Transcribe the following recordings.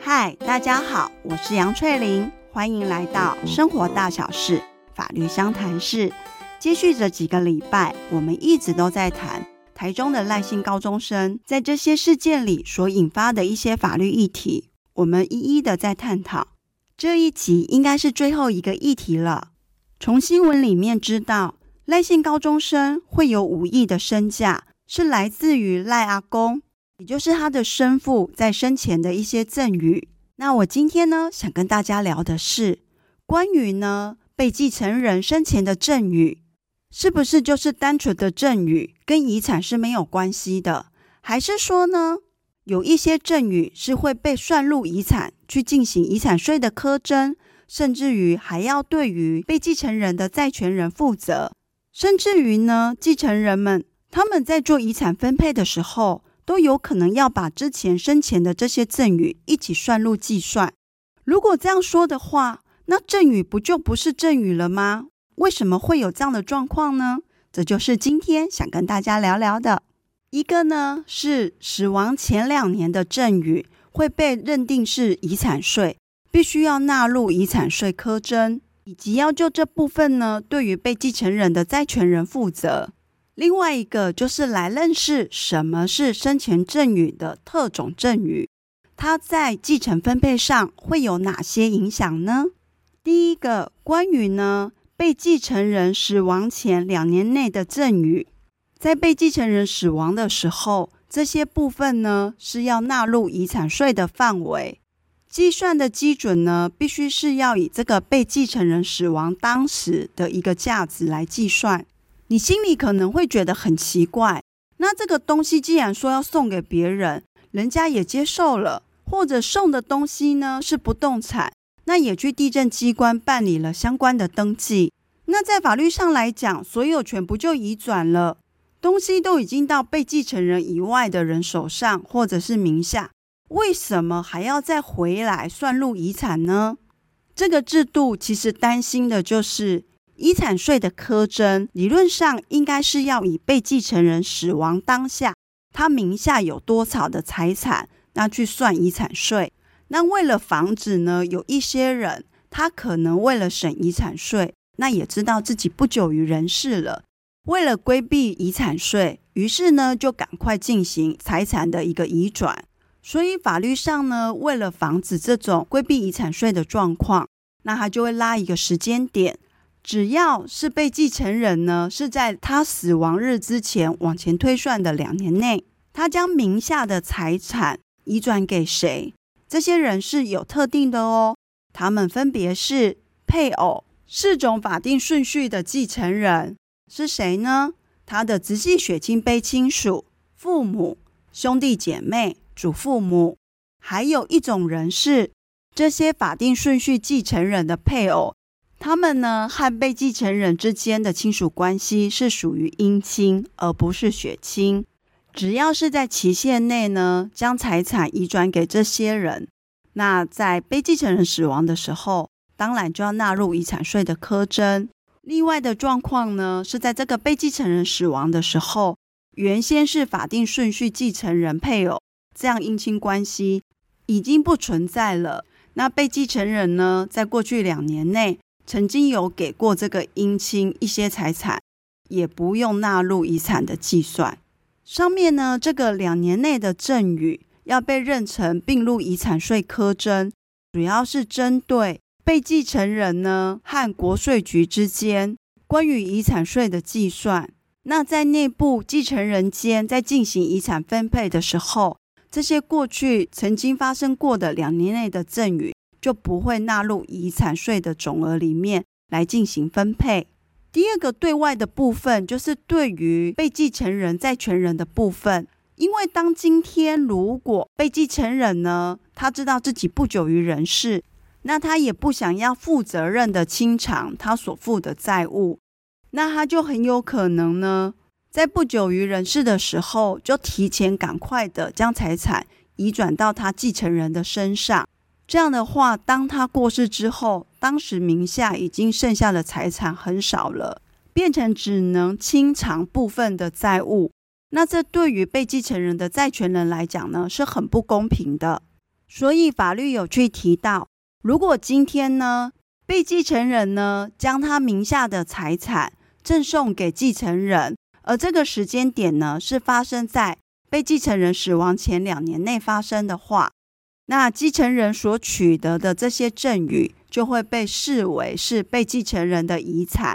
嗨，Hi, 大家好，我是楊翠玲，歡迎來到生活大小事法律相談室。接續這幾個禮拜，我們一直都在談台中的賴姓高中生在這些事件裡所引發的一些法律議題，我們一一的在探討。這一集應該是最後一個議題了。從新聞裡面知道，賴姓高中生會有五億的身價，是來自於賴阿公，也就是他的生父在生前的一些贈與。那我今天呢，想跟大家聊的是，關於呢被繼承人生前的贈與，是不是就是單純的贈與，跟遺產是沒有關係的？還是說呢，有一些贈與是會被算入遺產去進行遺產稅的課徵，甚至於還要對於被繼承人的債權人負責？甚至於呢，繼承人們他們在做遺產分配的時候，都有可能要把之前生前的這些贈與一起算入計算。如果這樣說的話，那贈與不就不是贈與了嗎？為什麼會有這樣的狀況呢？這就是今天想跟大家聊聊的。一個呢，是死亡前兩年的贈與會被認定是遺產稅，必須要納入遺產稅課徵。以及要就這部分呢，對於被繼承人的債權人負責。另外一個就是來認識什麼是生前贈與的特種贈與，它在繼承分配上會有哪些影響呢？第一個關於呢，被繼承人死亡前兩年內的贈與，在被繼承人死亡的時候，這些部分呢是要納入遺產稅的範圍。計算的基準呢，必須是要以這個被繼承人死亡當時的一個價值來計算。你心裡可能會覺得很奇怪，那這個東西既然說要送給別人，人家也接受了，或者送的東西呢是不動產，那也去地政機關辦理了相關的登記，那在法律上來講，所有權不就移轉了？東西都已經到被繼承人以外的人手上或者是名下。為什麼還要再回來算入遺產呢？這個制度其實擔心的就是遺產稅的課徵，理論上應該是要以被繼承人死亡當下他名下有多少的財產，那去算遺產稅。那為了防止呢，有一些人他可能為了省遺產稅，那也知道自己不久於人世了，為了規避遺產稅，於是呢就趕快進行財產的一個移轉。所以法律上呢，為了防止這種規避遺產稅的狀況，那他就會拉一個時間點，只要是被繼承人呢是在他死亡日之前往前推算的兩年內，他將名下的財產移轉給誰？這些人是有特定的哦，他們分別是配偶、四種法定順序的繼承人是誰呢？他的直系血親卑親屬、父母、兄弟姐妹。祖父母，還有一種人是這些法定順序繼承人的配偶，他們呢和被繼承人之間的親屬關係是屬於姻親而不是血親。只要是在期限內呢將財產移轉給這些人，那在被繼承人死亡的時候，當然就要納入遺產稅的課徵。例外的狀況呢是在這個被繼承人死亡的時候，原先是法定順序繼承人配偶。這樣姻親關係已經不存在了。那被繼承人呢，在過去兩年內曾經有給過這個姻親一些財產，也不用納入遺產的計算。上面呢，這個兩年內的贈與要被認成併入遺產稅課徵，主要是針對被繼承人呢和國稅局之間關於遺產稅的計算。那在內部繼承人間在進行遺產分配的時候。這些過去曾經發生過的兩年內的贈與，就不會納入遺產稅的總額裡面來進行分配。第二個對外的部分，就是對於被繼承人債權人的部分，因為當今天如果被繼承人呢，他知道自己不久於人世，那他也不想要負責任的清償他所負的債務，那他就很有可能呢。在不久於人世的時候，就提前趕快的將財產移轉到他繼承人的身上。這樣的話，當他過世之後，當時名下已經剩下的財產很少了，變成只能清償部分的債務。那這對於被繼承人的債權人來講呢，是很不公平的。所以法律有去提到，如果今天呢，被繼承人呢，將他名下的財產贈送給繼承人。而這個時間點呢，是發生在被繼承人死亡前兩年內發生的話，那繼承人所取得的這些贈與，就會被視為是被繼承人的遺產，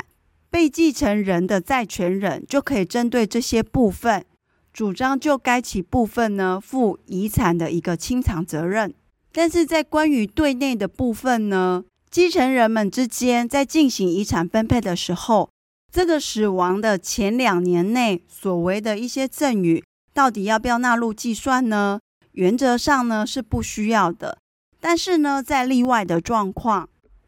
被繼承人的債權人就可以針對這些部分，主張就該其部分呢，負遺產的一個清償責任。但是在關於對內的部分呢，繼承人們之間在進行遺產分配的時候。這個死亡的前兩年內所謂的一些贈與，到底要不要納入計算呢？原則上呢是不需要的，但是呢在例外的狀況，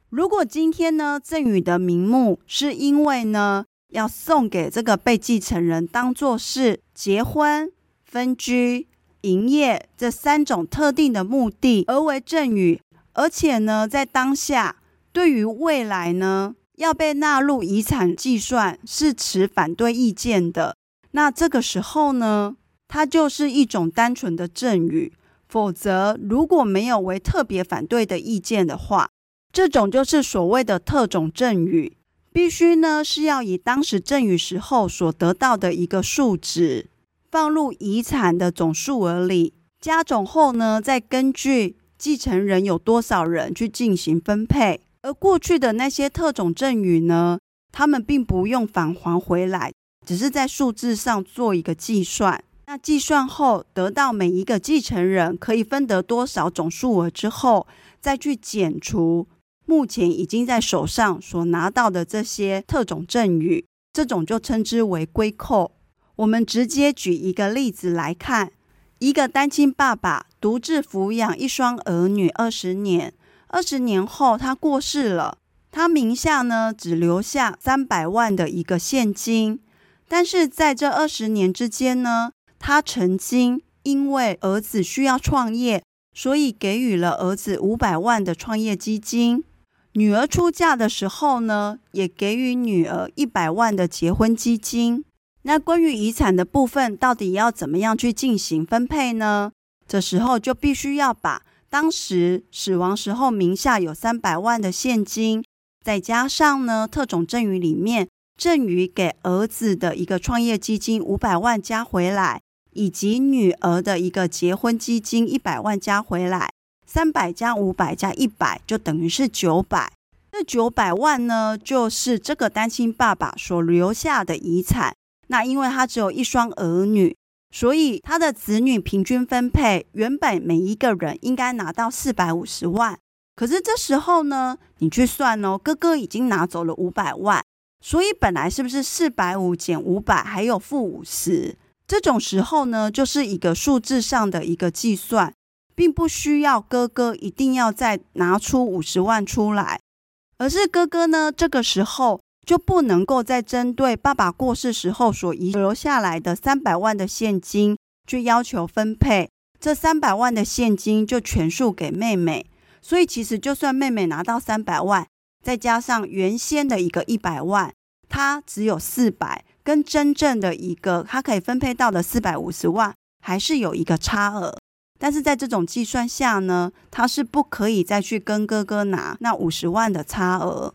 如果今天呢贈與的名目是因為呢要送給這個被繼承人，當做是結婚、分居、營業這三種特定的目的而為贈與，而且呢在當下對於未來呢。要被納入遺產計算是持反對意見的，那這個時候呢，它就是一種單純的贈與；否則，如果沒有為特別反對的意見的話，這種就是所謂的特種贈與，必須呢是要以當時贈與時候所得到的一個數值放入遺產的總數額裡，加總後呢，再根據繼承人有多少人去進行分配。而過去的那些特種贈與呢，他們並不用返還回來，只是在數字上做一個計算。那計算後得到每一個繼承人可以分得多少種數額之後，再去減除目前已經在手上所拿到的這些特種贈與，這種就稱之為歸扣。我們直接舉一個例子來看：一個單親爸爸獨自撫養一雙兒女二十年。二十年後，他過世了。他名下呢，只留下三百萬的一個現金。但是在這二十年之間呢，他曾經因為兒子需要創業，所以給予了兒子五百萬的創業基金。女兒出嫁的時候呢，也給予女兒一百萬的結婚基金。那關於遺產的部分，到底要怎麼樣去進行分配呢？這時候就必須要把。當時死亡時候，名下有三百萬的現金，再加上呢，特種贈與裡面贈與給兒子的一個創業基金五百萬，加回來，以及女兒的一個結婚基金一百萬加回來，三百加五百加一百就等於是九百，這九百萬呢，就是這個單親爸爸所留下的遺產。那因為他只有一雙兒女。所以他的子女平均分配，原本每一個人應該拿到四百五十萬。可是這時候呢，你去算哦，哥哥已經拿走了五百萬，所以本來是不是四百五減五百還有負五十？50? 這種時候呢，就是一個數字上的一個計算，並不需要哥哥一定要再拿出五十萬出來，而是哥哥呢，這個時候。就不能夠再針對爸爸過世時候所遺留下來的三百萬的現金去要求分配，這三百萬的現金就全數給妹妹。所以其實就算妹妹拿到三百萬，再加上原先的一個一百萬，她只有四百，跟真正的一個她可以分配到的四百五十萬還是有一個差額。但是在這種計算下呢，她是不可以再去跟哥哥拿那五十萬的差額。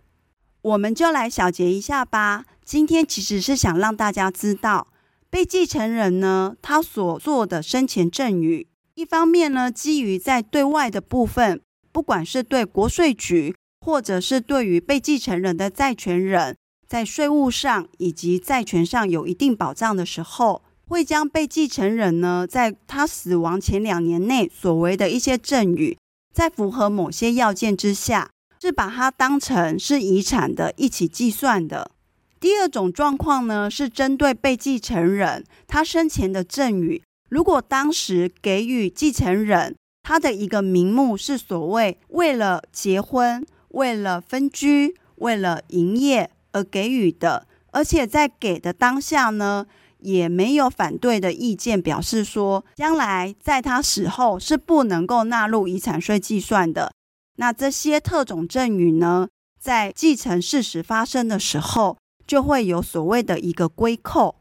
我們就來小結一下吧。今天其實是想讓大家知道，被繼承人呢，他所做的生前贈與，一方面呢，基於在對外的部分，不管是對國稅局，或者是對於被繼承人的債權人，在稅務上以及債權上有一定保障的時候，會將被繼承人呢，在他死亡前兩年內所為的一些贈與，在符合某些要件之下。是把它當成是遺產的，一起計算的。第二種狀況呢，是針對被繼承人他生前的贈與，如果當時給予繼承人他的一個名目是所謂為了結婚、為了分居、為了營業而給予的，而且在給的當下呢，也沒有反對的意見，表示說將來在他死後是不能夠納入遺產稅計算的。那這些特種贈與呢，在繼承事實發生的時候，就會有所謂的一個歸扣，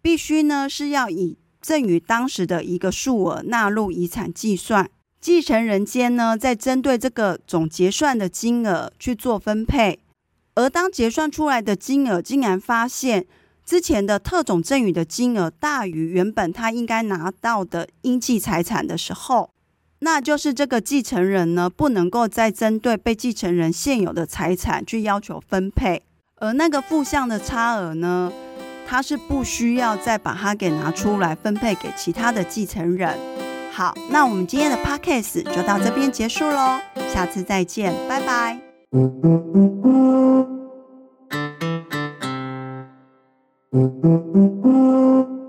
必須呢是要以贈與當時的一個數額納入遺產計算，繼承人間呢在針對這個總結算的金額去做分配，而當結算出來的金額竟然發現之前的特種贈與的金額大於原本他應該拿到的應繼財產的時候。那就是這個繼承人呢，不能夠再針對被繼承人現有的財產去要求分配，而那個負向的差額呢，他是不需要再把它給拿出來分配給其他的繼承人。好，那我們今天的 Podcast 就到這邊結束嘍，下次再見，拜拜。